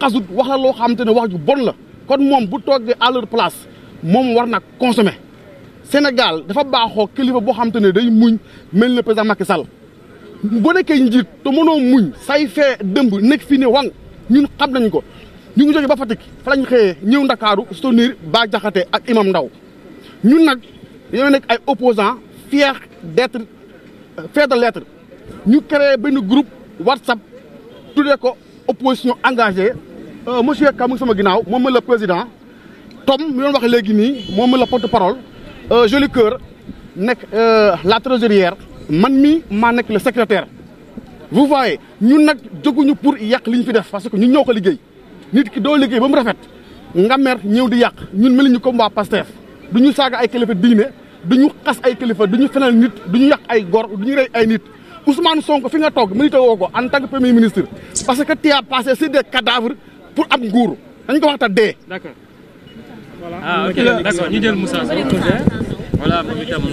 xasut wax la loo xamante ne wax ju bon la kon moom bu toogee à leur moom war nag consommer Sénégal dafa baaxoo kilifa boo xamante ne day muñ mel na président Macky Sall bu nekkee njiit te mënoo muñ say fee dëmb nekk fii ne wang ñun xam nañ ko ñu ngi jógee ba Fatick fa lañ xëyee ñëw Ndakaaru soutenir Bah Diakhaté ak Imam Ndaw ñun nag yow nekk ay opposants fiers d'être fiers de l'être ñu créé benn groupe WhatsApp tuddee ko opposition engagée Euh, monsieur Ka mu ngi sama ginnaaw moom mooy le président Tom mi doon wax léegi nii moom mooy le porte parole euh, Joli Cœur nekk euh, la trésorière man mii maa nekk le secrétaire. voi voyez ñun nag jóguñu pour yàq li ñu fi def parce que ñu ñoo ko liggéey nit ki doo liggéey ba mu rafet nga mer ñëw di yàq ñun meluñu comme waa Pastef du ñu saaga ay kilifa diine du ñu xas ay kilifa du ñu fenal nit du ñu yàq ay gor du ñu rey ay nit. Ousmane Sonko fi nga toog milité woo ko en tant que premier ministre parce que tu as passé sur pour ab nguur dañ ko waxta dee. d'accord. voilà ah ok d'accord ñu jël Moussa Sow voilà moom